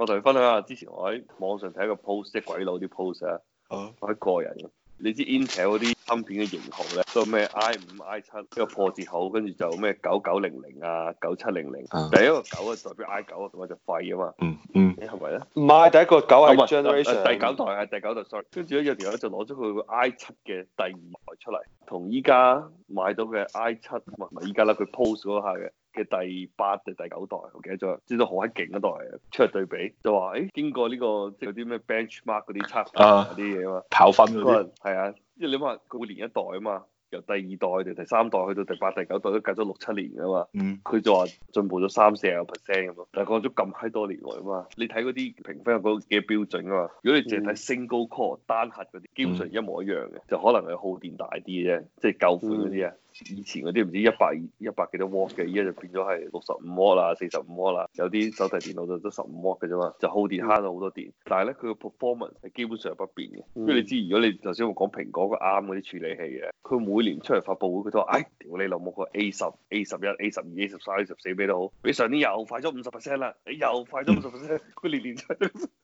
我同你分享下，之前我喺網上睇一個 post，即係鬼佬啲 post 啊、uh。Huh. 我喺個人嘅，你知 Intel 嗰啲芯片嘅型號咧，嗰咩 I 五、I 七，呢個破折號，跟住就咩九九零零啊、九七零零。Uh huh. 第一個九啊，代表 I 九啊，我就廢啊嘛。嗯嗯、uh，你係咪咧？唔係第一個九係 generation，第九台係第九代。sorry，跟住咧有條友就攞咗佢 I 七嘅第二台出嚟，同依家買到嘅 I 七，同埋唔係依家啦，佢 post 嗰下嘅。第八定第九代，我記得咗，知道好閪勁一代啊！出嚟對比就話，誒、欸、經過呢、這個即係啲咩 benchmark 嗰啲測嗰啲嘢嘛，跑分嗰啲係啊，因為你話佢會連一代啊嘛，由第二代定第三代去到第八、第九代都隔咗六七年噶嘛，嗯，佢就話進步咗三四個 percent 咁咯，但係講咗咁閪多年來啊嘛，你睇嗰啲評分嗰幾標準啊嘛，如果你淨係睇 single core、嗯、單核嗰啲，基本上一模一樣嘅，就可能係耗電大啲啫，即、就、係、是、舊款嗰啲啊。嗯以前嗰啲唔知一百二百幾多瓦嘅，依家就變咗係六十五瓦啦，四十五瓦啦。有啲手提電腦就都十五瓦嘅啫嘛，就耗電慳咗好多電。但係咧，佢個 performance 係基本上係不變嘅。因為、嗯、你知，如果你頭先我講蘋果個啱嗰啲處理器嘅，佢每年出嚟發佈會，佢都話：哎，屌你老母個 A 十、A 十一、A 十二、A 十三、A 十四咩都好，比上年又快咗五十 percent 啦，你又快咗五十 percent，佢年年出。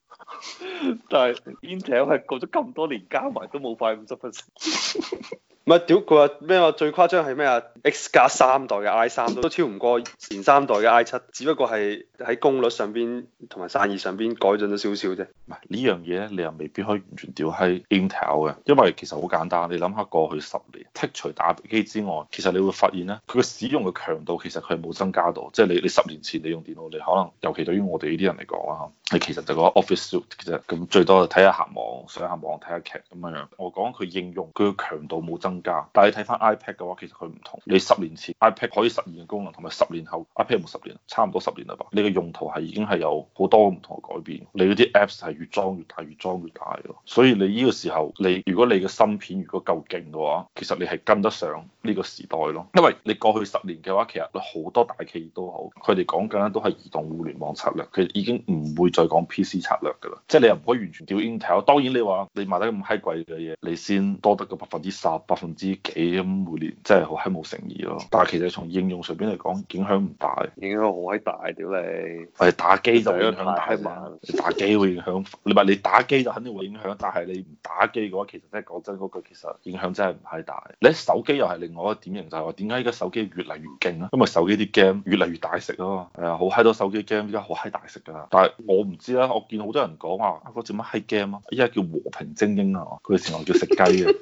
但係 Intel 係過咗咁多年加埋都冇快五十分。 e 唔係屌佢話咩話最誇張係咩啊？X 加三代嘅 I 三都超唔過前三代嘅 I 七，只不過係喺功率上邊同埋散熱上邊改進咗少少啫。唔係呢樣嘢咧，你又未必可以完全屌閪 Intel 嘅，因為其實好簡單，你諗下過去十年。剔除打機之外，其實你會發現咧，佢個使用嘅強度其實佢係冇增加到，即係你你十年前你用電腦，你可能尤其對於我哋呢啲人嚟講啦，你其實就個 office suite 其實，咁最多就睇下客網，上下網睇下劇咁樣樣。我講佢應用，佢個強度冇增加，但係你睇翻 iPad 嘅話，其實佢唔同。你十年前 iPad 可以實現嘅功能，同埋十年後 iPad 冇十年，差唔多十年嘞噃。你嘅用途係已經係有好多唔同嘅改變，你嗰啲 apps 係越裝越大，越裝越大咯。所以你呢個時候，你如果你嘅芯片如果夠勁嘅話，其實你係跟得上呢個時代咯，因為你過去十年嘅話，其實好多大企業都好，佢哋講緊都係移動互聯網策略，佢已經唔會再講 PC 策略㗎啦。即係你又唔可以完全掉 Intel。當然你話你賣得咁閪貴嘅嘢，你先多得個百分之十、百分之幾咁每年，真係好閪冇誠意咯。但係其實從應用上邊嚟講，影響唔大。影響好閪大，屌你！我哋打機就影響大嘛。你打機會影響，你話你你打機就肯定會影響，但係你唔打機嘅話，其實真係講真嗰句，其實影響真係唔係大。你手機又係另外一個典型，就係話點解依家手機越嚟越勁啊？因為手機啲 game 越嚟越大食咯，係啊，好嗨多手機 game 依家好嗨大食㗎啦，但係我唔知啦，我見好多人講話啊嗰隻乜嗨 game 啊，依家叫和平精英啊，佢哋成日叫食雞啊，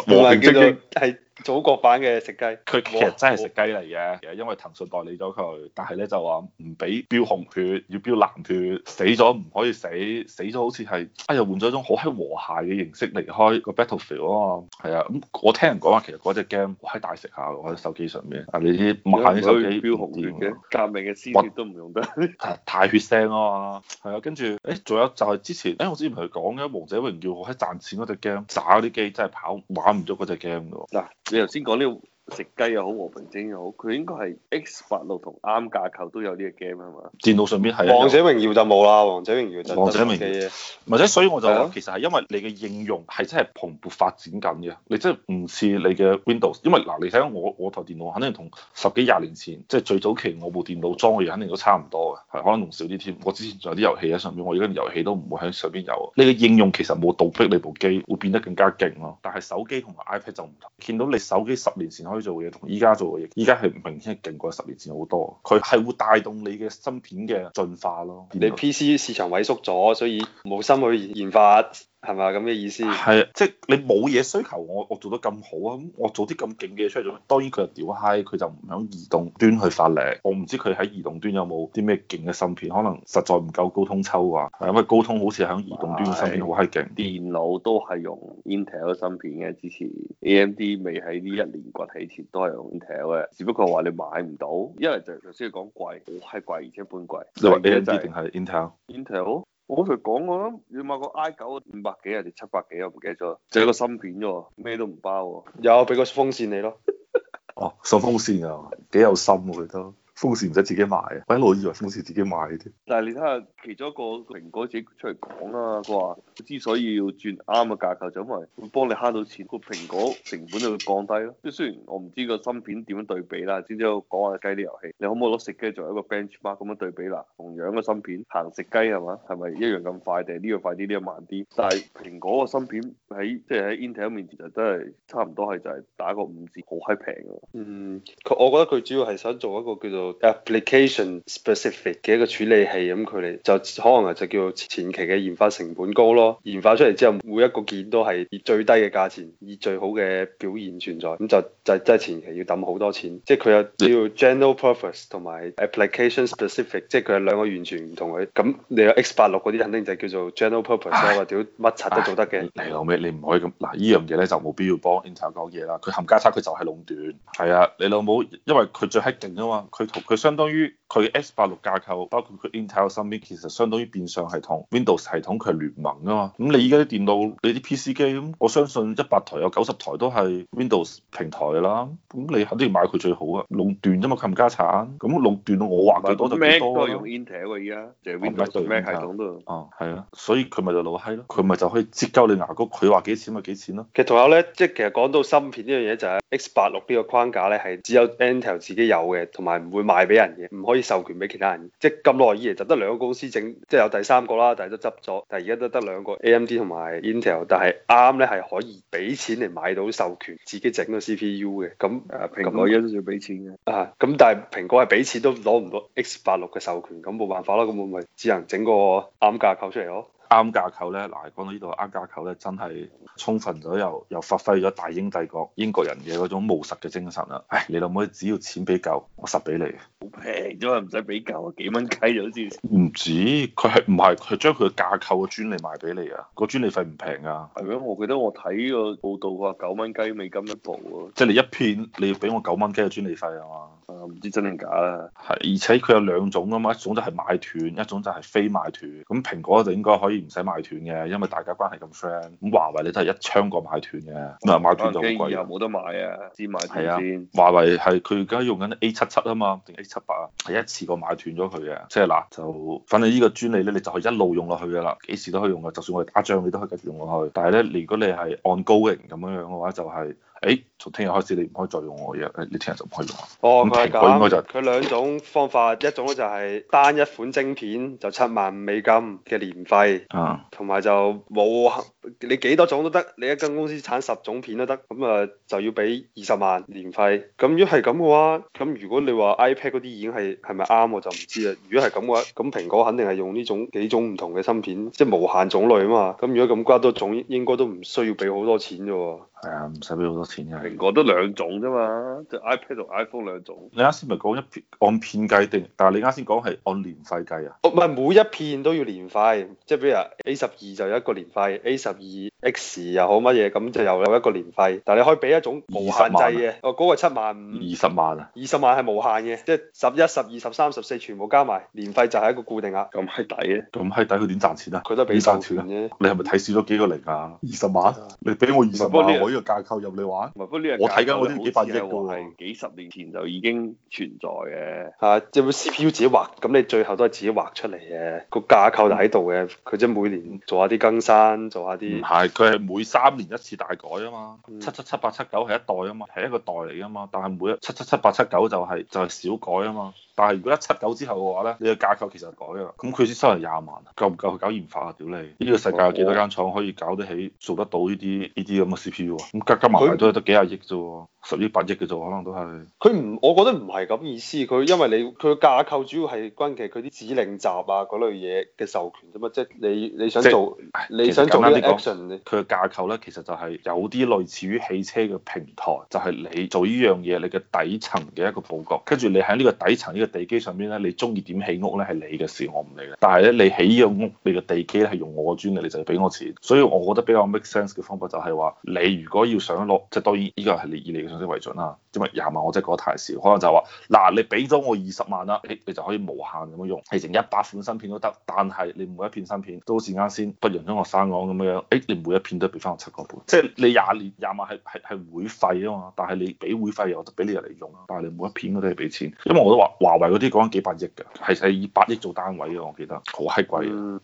和平精英係。 祖國版嘅食雞，佢哇其實真係食雞嚟嘅，哇因為騰訊代理咗佢，但係咧就話唔俾標紅血，要標藍血，死咗唔可以死，死咗好似係哎呀換咗一種好喺和諧嘅形式離開個 battlefield 啊嘛，係啊，咁、嗯、我聽人講話其實嗰隻 game 喺大食下，喺手機上面啊你啲買手機標紅血嘅、啊、革命嘅鮮血都唔用得，哇 太血腥啊嘛，係啊，跟住誒仲有就係之前誒、欸、我之前同佢講嘅王者榮耀，喺賺錢嗰隻 game 耍嗰啲機真係跑玩唔咗嗰隻 game 嘅嗱。啊你頭先講呢個食雞又好，和平精英又好，佢應該係 X86 同啱架構都有呢個 game 吖嘛？電腦上邊係，王者榮耀就冇啦。王者榮耀就王者榮耀，或者所以我就諗其實係因為你嘅應用係真係蓬勃發展緊嘅，你真係唔似你嘅 Windows，因為嗱，你睇下我我台電腦肯定同十幾廿年前即係、就是、最早期我部電腦裝嘅嘢肯定都差唔多嘅。可能仲少啲添，我之前仲有啲遊戲喺上邊，我而家遊戲都唔會喺上邊有。呢個應用其實冇倒逼你部機會變得更加勁咯。但係手機同埋 iPad 就唔同，見到你手機十年前可以做嘅嘢，同依家做嘅嘢，依家係明顯係勁過十年前好多。佢係會帶動你嘅芯片嘅進化咯。你 PC 市場萎縮咗，所以冇心去研發。係咪？咁嘅意思？係，即係你冇嘢需求我，我我做得咁好啊，咁我做啲咁勁嘅嘢出嚟做咩？當然佢就屌嗨，佢就唔響移動端去發力。我唔知佢喺移動端有冇啲咩勁嘅芯片，可能實在唔夠高通抽啊。係因為高通好似響移動端嘅芯片好閪勁。電腦都係用 Intel 嘅芯片嘅，之前 AMD 未喺呢一年崛起前都係用 Intel 嘅，只不過話你買唔到，因為就係頭先講貴，係貴而且半貴。你話 AMD 定係 Intel？Intel。我同你講過啦，你買個 I 九五百幾，定七百幾，我唔記得咗，就係個芯片啫喎，咩都唔包喎。有，畀個風扇你咯。哦，送風扇 啊，幾有心佢都。風扇唔使自己買啊！我一路以為風扇自己買呢，但係你睇下其中一個蘋果自己出嚟講啦，佢話之所以要轉啱嘅架構、就是，就因為會幫你慳到錢，個蘋果成本就會降低咯。即係雖然我唔知個芯片點樣對比啦，只係講下雞啲遊戲，你可唔可以攞食雞作為一個 bench mark 咁樣對比啦？同樣嘅芯片行食雞係嘛？係咪一樣咁快定係呢個快啲呢、呢個慢啲？但係蘋果個芯片喺即係、就、喺、係、Intel 面前就真係差唔多係就係打個五折好閪平嘅。嗯，佢我覺得佢主要係想做一個叫做 application specific 嘅一個處理器，咁佢哋就可能就叫做前期嘅研發成本高咯，研發出嚟之後每一個件都係以最低嘅價錢，以最好嘅表現存在，咁就就即係前期要揼好多錢，即係佢有叫 general purpose 同埋 application specific，即係佢有兩個完全唔同嘅，咁你有 X 八六嗰啲肯定就叫做 general purpose 啊唉，屌乜柒都做得嘅。你老味，你唔可以咁嗱，呢樣嘢咧就冇必要幫 Intel 講嘢啦，佢含家差，佢就係壟斷。係啊，你老母，因為佢最閪勁啊嘛，佢。佢相當於佢 X 八六架構，包括佢 Intel 芯片，其實相當於變相係同 Windows 系統佢聯盟啊嘛。咁你依家啲電腦，你啲 PC 機咁，我相信一百台有九十台都係 Windows 平台啦。咁你肯定要買佢最好啊，壟斷啫嘛，冚家產。咁壟斷到我話幾多就幾多，Mac 都係都用 Intel 啊，而家，即係 Windows Mac 系統都。哦，係啊，所以佢咪就老閪咯，佢咪就可以折鳩你牙膏，佢話幾錢咪幾錢咯。其實仲有咧，即係其實講到芯片呢樣嘢就係 X 八六呢個框架咧，係只有 Intel 自己有嘅，同埋唔會。賣俾人嘅，唔可以授權俾其他人。即係咁耐以嚟，就得兩個公司整，即係有第三個啦，但係都執咗。但係而家都得兩個 AMD 同埋 Intel，但係 ARM 呢係可以俾錢嚟買到授權，自己整個 CPU 嘅。咁誒、啊，蘋果亦都要俾錢嘅。啊，咁但係蘋果係俾錢都攞唔到 X 八六嘅授權，咁冇辦法啦。咁我咪只能整個 ARM 架構出嚟咯。啱架構咧，嗱講到呢度啱架構咧，真係充分咗又又發揮咗大英帝國英國人嘅嗰種務實嘅精神啊！誒，你諗下只要錢俾夠，我實俾你。好平啫嘛，唔使俾夠啊，幾蚊雞就先？唔止，佢係唔係佢將佢架構嘅專利賣俾你啊？個專利費唔平㗎。係啊，我記得我睇個報道話九蚊雞美金一部啊。即係你一片，你要俾我九蚊雞嘅專利費呀嘛？啊，唔知真定假啦。係，而且佢有兩種㗎嘛，一種就係買斷，一種就係非買斷。咁蘋果就應該可以。唔使買斷嘅，因為大家關係咁 friend。咁華為你都係一槍過買斷嘅，咁係買斷就好貴。華為而家冇得買啊，只買斷線，啊。先華為係佢而家用緊 A 七七啊嘛，定 A 七八啊，係一次過買斷咗佢嘅。即係嗱就，反正呢個專利咧，你就係一路用落去嘅啦，幾時都可以用嘅。就算我哋打仗，你都可以繼續用落去。但係咧，如果你係按高型咁樣樣嘅話，就係、是。誒、哎，從聽日開始你唔可以再用我嘢，誒、哎，你聽日就唔可以用。哦，應該就係，佢兩種方法，一種就係單一款晶片，就七萬美金嘅年費，同埋就冇，你幾多種都得，你一間公司產十種片都得，咁咪就要畀二十萬年費。咁如果係噉嘅話，咁如果你話 iPad 嗰啲已經係，係咪啱我就唔知喇。如果係噉嘅話，咁蘋果肯定係用呢種幾種唔同嘅芯片，即係無限種類吖嘛。咁如果咁多種，應該都唔需要畀好多錢啫。係啊，唔使畀好多錢。蘋果都兩種啫嘛，即、就是、iPad 同 iPhone 兩種。你啱先咪講一片按片計定？但係你啱先講係按年費計啊？哦，唔係，每一片都要年費，即係比如 A 十二就有一個年費，A 十二 X 又好乜嘢，咁就又有一個年費。但係你可以俾一種無限制嘅，哦，嗰個七萬五，二十萬啊？二十、哦那個、萬係、啊、無限嘅，即係十一、十二、十三、十四全部加埋年費就係一個固定額。咁閪抵嘅，咁閪抵佢點賺錢啊？佢都俾賺錢啫。你係咪睇少咗幾個零啊？二十萬？啊、你俾我二十萬，不我呢個架構入你玩。呢、啊、我睇緊，我都幾百億喎，係幾十年前就已經存在嘅。嚇、啊，即係 C P U 自己畫，咁、啊、你最後都係自己畫出嚟嘅，個、啊、架構就喺度嘅。佢即係每年做下啲更新，做下啲。唔係，佢係每三年一次大改啊嘛。七七七八七九係一代啊嘛，係一個代嚟啊嘛。但係每一七七七八七九就係、是、就係、是、小改啊嘛。但係如果一七九之後嘅話咧，你個架構其實改啦。咁佢先收入廿萬、啊，夠唔夠去搞研發啊？屌你！呢、嗯、個世界有幾多間廠可以搞得起、做得到呢啲呢啲咁嘅 C P U？咁加加埋佢都幾廿億啫喎。十億八億嘅就可能都係。佢唔，我覺得唔係咁意思。佢因為你佢架構主要係關於佢啲指令集啊嗰類嘢嘅授權啫嘛，即、就、係、是、你你想做即你想做 action，佢嘅架構咧其實就係有啲類似於汽車嘅平台，就係、是、你做呢樣嘢你嘅底層嘅一個佈局。跟住你喺呢個底層呢、這個地基上面咧，你中意點起屋咧係你嘅事，我唔理嘅。但係咧你起呢個屋，你嘅地基係用我嘅專利，你就要俾我錢。所以我覺得比較 make sense 嘅方法就係話，你如果要想落，即係當然依個係二嚟嘅。為準啦，因為廿萬我真係覺得太少，可能就係話嗱，你俾咗我二十萬啦，誒，你就可以無限咁樣用，係成一百款芯片都得，但係你每一片芯片都好似啱先不讓中學生講咁樣樣，誒，你每一片都係俾翻我七個半，即係你廿年廿萬係係係會費啊嘛，但係你俾會費又得俾你入嚟用，但係你每一片都係俾錢，因為我都話華為嗰啲講緊幾百億嘅，係係以百億做單位嘅，我記得好閪貴。